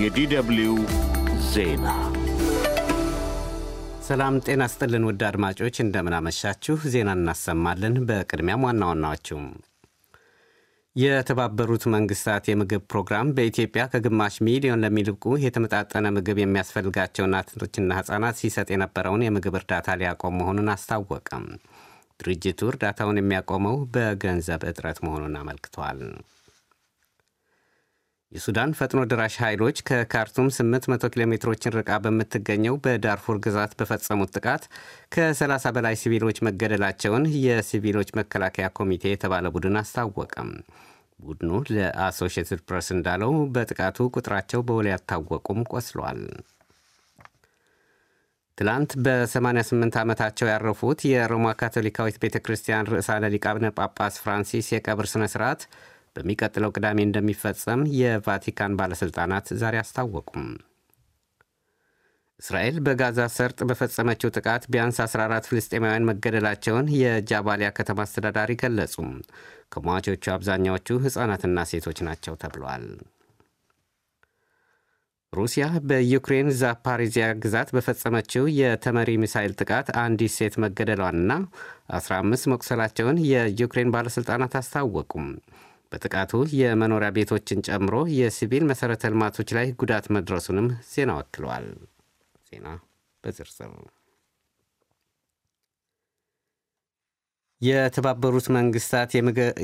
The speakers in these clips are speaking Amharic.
የዲደብልዩ ዜና ሰላም ጤና ስጥልን። ውድ አድማጮች እንደምናመሻችሁ፣ ዜና እናሰማለን። በቅድሚያም ዋና ዋናዎቹም የተባበሩት መንግስታት የምግብ ፕሮግራም በኢትዮጵያ ከግማሽ ሚሊዮን ለሚልቁ የተመጣጠነ ምግብ የሚያስፈልጋቸው እናቶችና ህጻናት ሲሰጥ የነበረውን የምግብ እርዳታ ሊያቆም መሆኑን አስታወቀም። ድርጅቱ እርዳታውን የሚያቆመው በገንዘብ እጥረት መሆኑን አመልክቷል። የሱዳን ፈጥኖ ደራሽ ኃይሎች ከካርቱም 800 ኪሎ ሜትሮችን ርቃ በምትገኘው በዳርፉር ግዛት በፈጸሙት ጥቃት ከ30 በላይ ሲቪሎች መገደላቸውን የሲቪሎች መከላከያ ኮሚቴ የተባለ ቡድን አስታወቀም። ቡድኑ ለአሶሽትድ ፕሬስ እንዳለው በጥቃቱ ቁጥራቸው በውል ያልታወቁም ቆስሏል። ትላንት በ88 ዓመታቸው ያረፉት የሮማ ካቶሊካዊት ቤተ ክርስቲያን ርዕሰ ሊቃነ ጳጳስ ፍራንሲስ የቀብር ሥነ ሥርዓት በሚቀጥለው ቅዳሜ እንደሚፈጸም የቫቲካን ባለሥልጣናት ዛሬ አስታወቁም። እስራኤል በጋዛ ሰርጥ በፈጸመችው ጥቃት ቢያንስ 14 ፍልስጤማውያን መገደላቸውን የጃባሊያ ከተማ አስተዳዳሪ ገለጹ። ከሟቾቹ አብዛኛዎቹ ሕፃናትና ሴቶች ናቸው ተብለዋል። ሩሲያ በዩክሬን ዛፓሪዚያ ግዛት በፈጸመችው የተመሪ ሚሳይል ጥቃት አንዲት ሴት መገደሏንና 15 መቁሰላቸውን የዩክሬን ባለሥልጣናት አስታወቁም። በጥቃቱ የመኖሪያ ቤቶችን ጨምሮ የሲቪል መሠረተ ልማቶች ላይ ጉዳት መድረሱንም ዜና ወክለዋል። ዜና በዝርዝር የተባበሩት መንግስታት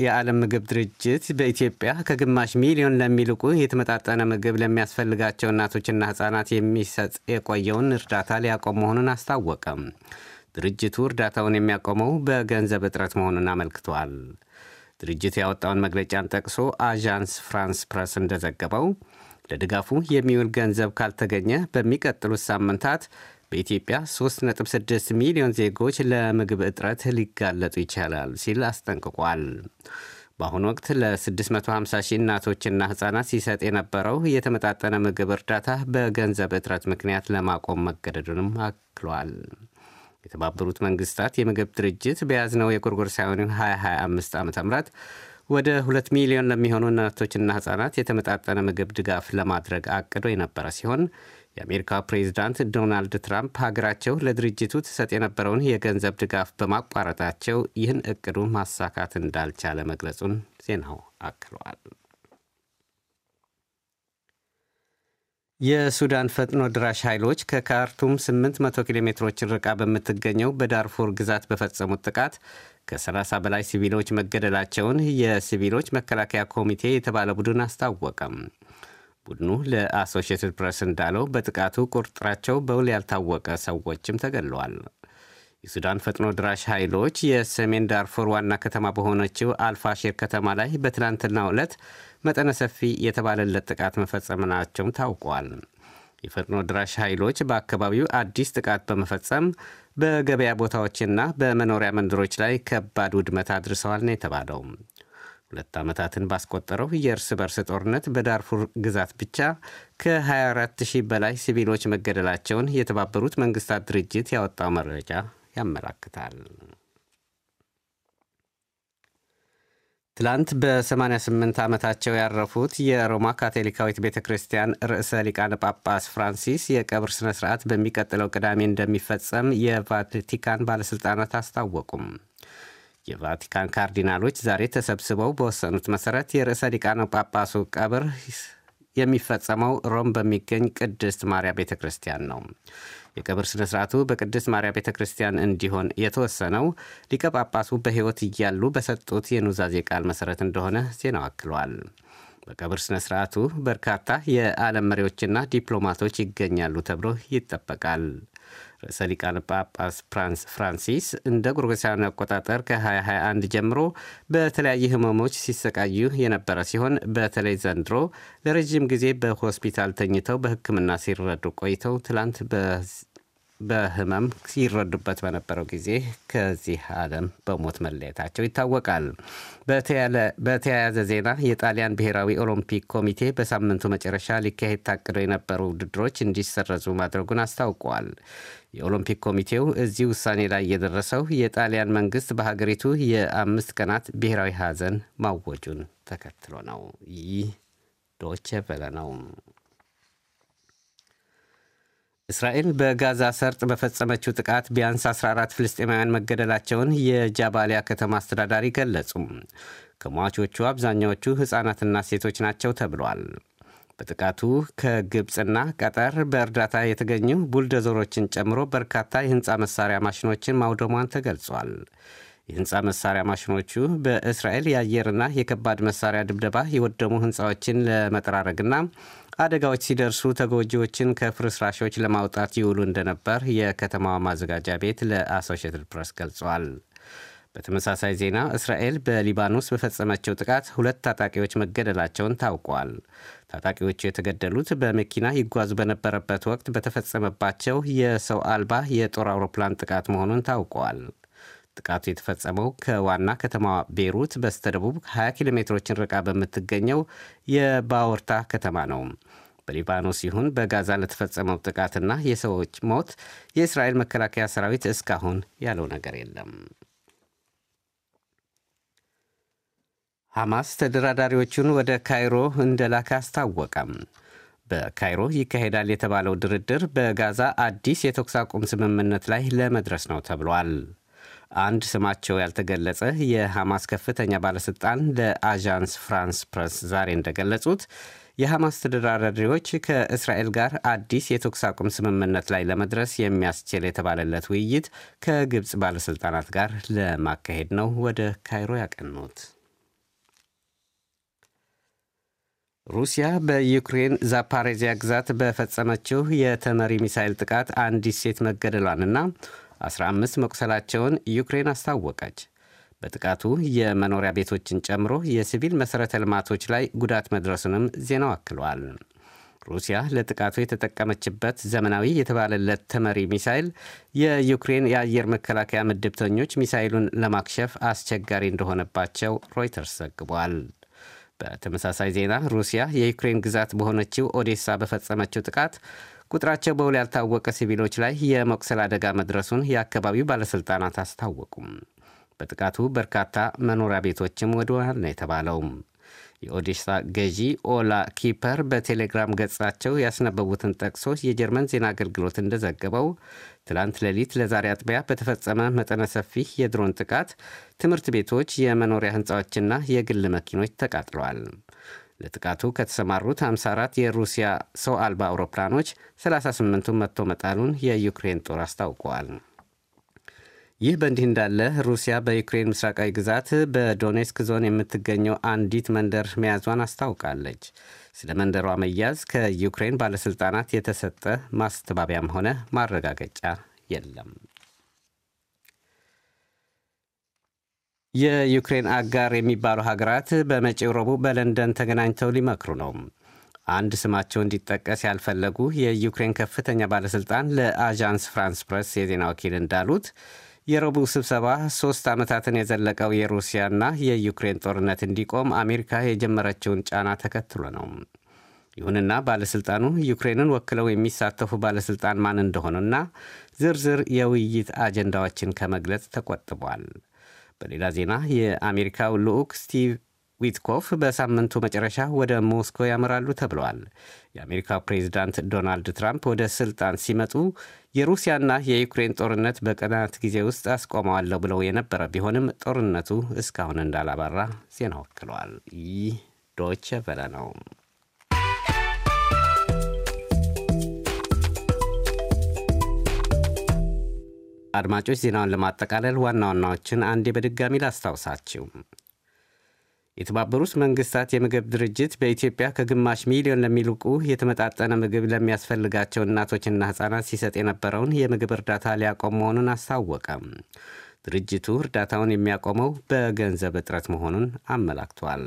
የዓለም ምግብ ድርጅት በኢትዮጵያ ከግማሽ ሚሊዮን ለሚልቁ የተመጣጠነ ምግብ ለሚያስፈልጋቸው እናቶችና ህጻናት የሚሰጥ የቆየውን እርዳታ ሊያቆም መሆኑን አስታወቀም። ድርጅቱ እርዳታውን የሚያቆመው በገንዘብ እጥረት መሆኑን አመልክቷል። ድርጅቱ ያወጣውን መግለጫን ጠቅሶ አዣንስ ፍራንስ ፕረስ እንደዘገበው ለድጋፉ የሚውል ገንዘብ ካልተገኘ በሚቀጥሉት ሳምንታት በኢትዮጵያ 3.6 ሚሊዮን ዜጎች ለምግብ እጥረት ሊጋለጡ ይቻላል ሲል አስጠንቅቋል። በአሁኑ ወቅት ለ650 ሺህ እናቶችና ሕፃናት ሲሰጥ የነበረው የተመጣጠነ ምግብ እርዳታ በገንዘብ እጥረት ምክንያት ለማቆም መገደዱንም አክሏል። የተባበሩት መንግስታት የምግብ ድርጅት በያዝነው የጎርጎሮሳውያኑ 2025 ዓ ም ወደ 2 ሚሊዮን ለሚሆኑ እናቶችና ህጻናት የተመጣጠነ ምግብ ድጋፍ ለማድረግ አቅዶ የነበረ ሲሆን የአሜሪካ ፕሬዚዳንት ዶናልድ ትራምፕ ሀገራቸው ለድርጅቱ ትሰጥ የነበረውን የገንዘብ ድጋፍ በማቋረጣቸው ይህን እቅዱ ማሳካት እንዳልቻለ መግለጹን ዜናው አክሏል። የሱዳን ፈጥኖ ድራሽ ኃይሎች ከካርቱም 800 ኪሎ ሜትሮችን ርቃ በምትገኘው በዳርፉር ግዛት በፈጸሙት ጥቃት ከ30 በላይ ሲቪሎች መገደላቸውን የሲቪሎች መከላከያ ኮሚቴ የተባለ ቡድን አስታወቀም። ቡድኑ ለአሶሽትድ ፕሬስ እንዳለው በጥቃቱ ቁርጥራቸው በውል ያልታወቀ ሰዎችም ተገለዋል። የሱዳን ፈጥኖ ድራሽ ኃይሎች የሰሜን ዳርፎር ዋና ከተማ በሆነችው አልፋሼር ከተማ ላይ በትናንትናው ዕለት መጠነ ሰፊ የተባለለት ጥቃት መፈጸማቸውም ታውቋል። የፈጥኖ ድራሽ ኃይሎች በአካባቢው አዲስ ጥቃት በመፈጸም በገበያ ቦታዎችና በመኖሪያ መንደሮች ላይ ከባድ ውድመት አድርሰዋል ነው የተባለው። ሁለት ዓመታትን ባስቆጠረው የእርስ በርስ ጦርነት በዳርፉር ግዛት ብቻ ከ24 ሺህ በላይ ሲቪሎች መገደላቸውን የተባበሩት መንግስታት ድርጅት ያወጣው መረጃ ያመላክታል። ትላንት በ88 ዓመታቸው ያረፉት የሮማ ካቶሊካዊት ቤተ ክርስቲያን ርዕሰ ሊቃነ ጳጳስ ፍራንሲስ የቀብር ሥነ ሥርዓት በሚቀጥለው ቅዳሜ እንደሚፈጸም የቫቲካን ባለሥልጣናት አስታወቁም። የቫቲካን ካርዲናሎች ዛሬ ተሰብስበው በወሰኑት መሠረት የርዕሰ ሊቃነ ጳጳሱ ቀብር የሚፈጸመው ሮም በሚገኝ ቅድስት ማርያም ቤተ ክርስቲያን ነው። የቀብር ስነ ስርዓቱ በቅድስት ማርያም ቤተ ክርስቲያን እንዲሆን የተወሰነው ሊቀ ጳጳሱ በሕይወት እያሉ በሰጡት የኑዛዜ ቃል መሠረት እንደሆነ ዜናው አክሏል። በቀብር ስነ ስርዓቱ በርካታ የዓለም መሪዎችና ዲፕሎማቶች ይገኛሉ ተብሎ ይጠበቃል። ርዕሰ ሊቃነ ጳጳስ ፍራንስ ፍራንሲስ እንደ ጎርጎሳውያን አቆጣጠር ከ2021 ጀምሮ በተለያዩ ህመሞች ሲሰቃዩ የነበረ ሲሆን በተለይ ዘንድሮ ለረዥም ጊዜ በሆስፒታል ተኝተው በሕክምና ሲረዱ ቆይተው ትላንት በህመም ሲረዱበት በነበረው ጊዜ ከዚህ ዓለም በሞት መለየታቸው ይታወቃል። በተያያዘ ዜና የጣሊያን ብሔራዊ ኦሎምፒክ ኮሚቴ በሳምንቱ መጨረሻ ሊካሄድ ታቅደው የነበሩ ውድድሮች እንዲሰረዙ ማድረጉን አስታውቋል። የኦሎምፒክ ኮሚቴው እዚህ ውሳኔ ላይ የደረሰው የጣሊያን መንግስት በሀገሪቱ የአምስት ቀናት ብሔራዊ ሀዘን ማወጁን ተከትሎ ነው። ይህ ዶቼ ቬለ ነው። እስራኤል በጋዛ ሰርጥ በፈጸመችው ጥቃት ቢያንስ 14 ፍልስጤማውያን መገደላቸውን የጃባሊያ ከተማ አስተዳዳሪ ገለጹ። ከሟቾቹ አብዛኛዎቹ ሕፃናትና ሴቶች ናቸው ተብሏል። በጥቃቱ ከግብፅና ቀጠር በእርዳታ የተገኙ ቡልደዞሮችን ጨምሮ በርካታ የህንፃ መሳሪያ ማሽኖችን ማውደሟን ተገልጿል። የህንፃ መሳሪያ ማሽኖቹ በእስራኤል የአየርና የከባድ መሳሪያ ድብደባ የወደሙ ህንፃዎችን ለመጠራረግና አደጋዎች ሲደርሱ ተጎጂዎችን ከፍርስራሾች ለማውጣት ይውሉ እንደነበር የከተማዋ ማዘጋጃ ቤት ለአሶሽትድ ፕሬስ ገልጿል። በተመሳሳይ ዜና እስራኤል በሊባኖስ በፈጸመችው ጥቃት ሁለት ታጣቂዎች መገደላቸውን ታውቋል። ታጣቂዎቹ የተገደሉት በመኪና ይጓዙ በነበረበት ወቅት በተፈጸመባቸው የሰው አልባ የጦር አውሮፕላን ጥቃት መሆኑን ታውቋል። ጥቃቱ የተፈጸመው ከዋና ከተማዋ ቤሩት በስተደቡብ 20 ኪሎ ሜትሮችን ርቃ በምትገኘው የባወርታ ከተማ ነው። በሊባኖስ ይሁን በጋዛ ለተፈጸመው ጥቃትና የሰዎች ሞት የእስራኤል መከላከያ ሰራዊት እስካሁን ያለው ነገር የለም። ሐማስ ተደራዳሪዎቹን ወደ ካይሮ እንደላከ አስታወቀም። በካይሮ ይካሄዳል የተባለው ድርድር በጋዛ አዲስ የተኩስ አቁም ስምምነት ላይ ለመድረስ ነው ተብሏል። አንድ ስማቸው ያልተገለጸ የሐማስ ከፍተኛ ባለሥልጣን ለአዣንስ ፍራንስ ፕረስ ዛሬ እንደገለጹት የሐማስ ተደራዳሪዎች ከእስራኤል ጋር አዲስ የተኩስ አቁም ስምምነት ላይ ለመድረስ የሚያስችል የተባለለት ውይይት ከግብፅ ባለሥልጣናት ጋር ለማካሄድ ነው ወደ ካይሮ ያቀኑት። ሩሲያ በዩክሬን ዛፓሬዚያ ግዛት በፈጸመችው የተመሪ ሚሳይል ጥቃት አንዲት ሴት መገደሏንና 15 መቁሰላቸውን ዩክሬን አስታወቀች። በጥቃቱ የመኖሪያ ቤቶችን ጨምሮ የሲቪል መሠረተ ልማቶች ላይ ጉዳት መድረሱንም ዜናው አክሏል። ሩሲያ ለጥቃቱ የተጠቀመችበት ዘመናዊ የተባለለት ተመሪ ሚሳይል የዩክሬን የአየር መከላከያ ምድብተኞች ሚሳይሉን ለማክሸፍ አስቸጋሪ እንደሆነባቸው ሮይተርስ ዘግቧል። በተመሳሳይ ዜና ሩሲያ የዩክሬን ግዛት በሆነችው ኦዴሳ በፈጸመችው ጥቃት ቁጥራቸው በውል ያልታወቀ ሲቪሎች ላይ የመቁሰል አደጋ መድረሱን የአካባቢው ባለሥልጣናት አስታወቁም። በጥቃቱ በርካታ መኖሪያ ቤቶችም ወድመዋል ነው የተባለው። የኦዴሳ ገዢ ኦላ ኪፐር በቴሌግራም ገጻቸው ያስነበቡትን ጠቅሶ የጀርመን ዜና አገልግሎት እንደዘገበው ትላንት ሌሊት ለዛሬ አጥቢያ በተፈጸመ መጠነ ሰፊ የድሮን ጥቃት ትምህርት ቤቶች፣ የመኖሪያ ሕንፃዎችና የግል መኪኖች ተቃጥለዋል። ለጥቃቱ ከተሰማሩት 54 የሩሲያ ሰው አልባ አውሮፕላኖች 38ቱን መጥቶ መጣሉን የዩክሬን ጦር አስታውቀዋል። ይህ በእንዲህ እንዳለ ሩሲያ በዩክሬን ምስራቃዊ ግዛት በዶኔስክ ዞን የምትገኘው አንዲት መንደር መያዟን አስታውቃለች። ስለ መንደሯ መያዝ ከዩክሬን ባለሥልጣናት የተሰጠ ማስተባበያም ሆነ ማረጋገጫ የለም። የዩክሬን አጋር የሚባሉ ሀገራት በመጪው ረቡዕ በለንደን ተገናኝተው ሊመክሩ ነው። አንድ ስማቸው እንዲጠቀስ ያልፈለጉ የዩክሬን ከፍተኛ ባለሥልጣን ለአዣንስ ፍራንስ ፕረስ የዜና ወኪል እንዳሉት የረቡዕ ስብሰባ ሶስት ዓመታትን የዘለቀው የሩሲያና የዩክሬን ጦርነት እንዲቆም አሜሪካ የጀመረችውን ጫና ተከትሎ ነው። ይሁንና ባለሥልጣኑ ዩክሬንን ወክለው የሚሳተፉ ባለሥልጣን ማን እንደሆኑና ዝርዝር የውይይት አጀንዳዎችን ከመግለጽ ተቆጥቧል። በሌላ ዜና የአሜሪካው ልዑክ ስቲቭ ዊትኮፍ በሳምንቱ መጨረሻ ወደ ሞስኮ ያመራሉ ተብለዋል። የአሜሪካ ፕሬዚዳንት ዶናልድ ትራምፕ ወደ ስልጣን ሲመጡ የሩሲያና የዩክሬን ጦርነት በቀናት ጊዜ ውስጥ አስቆመዋለሁ ብለው የነበረ ቢሆንም ጦርነቱ እስካሁን እንዳላባራ ዜና ወክለዋል። ይህ ዶች ቨለ ነው። አድማጮች ዜናውን ለማጠቃለል ዋና ዋናዎችን አንዴ በድጋሚ ላስታውሳችሁ። የተባበሩት መንግስታት የምግብ ድርጅት በኢትዮጵያ ከግማሽ ሚሊዮን ለሚልቁ የተመጣጠነ ምግብ ለሚያስፈልጋቸው እናቶችና ህጻናት ሲሰጥ የነበረውን የምግብ እርዳታ ሊያቆም መሆኑን አስታወቀ። ድርጅቱ እርዳታውን የሚያቆመው በገንዘብ እጥረት መሆኑን አመላክቷል።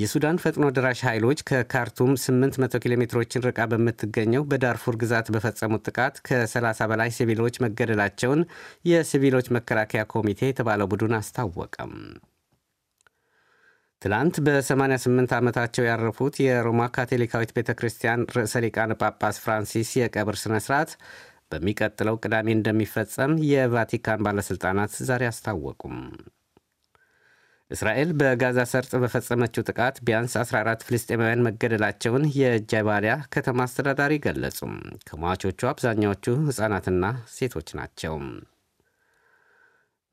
የሱዳን ፈጥኖ ደራሽ ኃይሎች ከካርቱም 800 ኪሎ ሜትሮችን ርቃ በምትገኘው በዳርፉር ግዛት በፈጸሙት ጥቃት ከ30 በላይ ሲቪሎች መገደላቸውን የሲቪሎች መከላከያ ኮሚቴ የተባለው ቡድን አስታወቀም። ትላንት በ88 ዓመታቸው ያረፉት የሮማ ካቶሊካዊት ቤተ ክርስቲያን ርዕሰ ሊቃነ ጳጳስ ፍራንሲስ የቀብር ሥነ ሥርዓት በሚቀጥለው ቅዳሜ እንደሚፈጸም የቫቲካን ባለሥልጣናት ዛሬ አስታወቁም። እስራኤል በጋዛ ሰርጥ በፈጸመችው ጥቃት ቢያንስ 14 ፍልስጤማውያን መገደላቸውን የጀባሊያ ከተማ አስተዳዳሪ ገለጹም። ከሟቾቹ አብዛኛዎቹ ሕፃናትና ሴቶች ናቸው።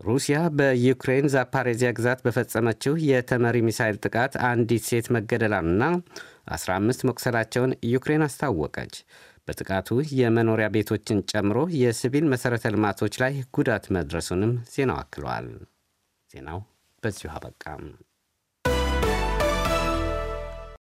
ሩሲያ በዩክሬን ዛፓሬዚያ ግዛት በፈጸመችው የተመሪ ሚሳይል ጥቃት አንዲት ሴት መገደሏንና 15 መቁሰላቸውን ዩክሬን አስታወቀች። በጥቃቱ የመኖሪያ ቤቶችን ጨምሮ የሲቪል መሠረተ ልማቶች ላይ ጉዳት መድረሱንም ዜናው አክሏል። ዜናው በዚሁ አበቃም።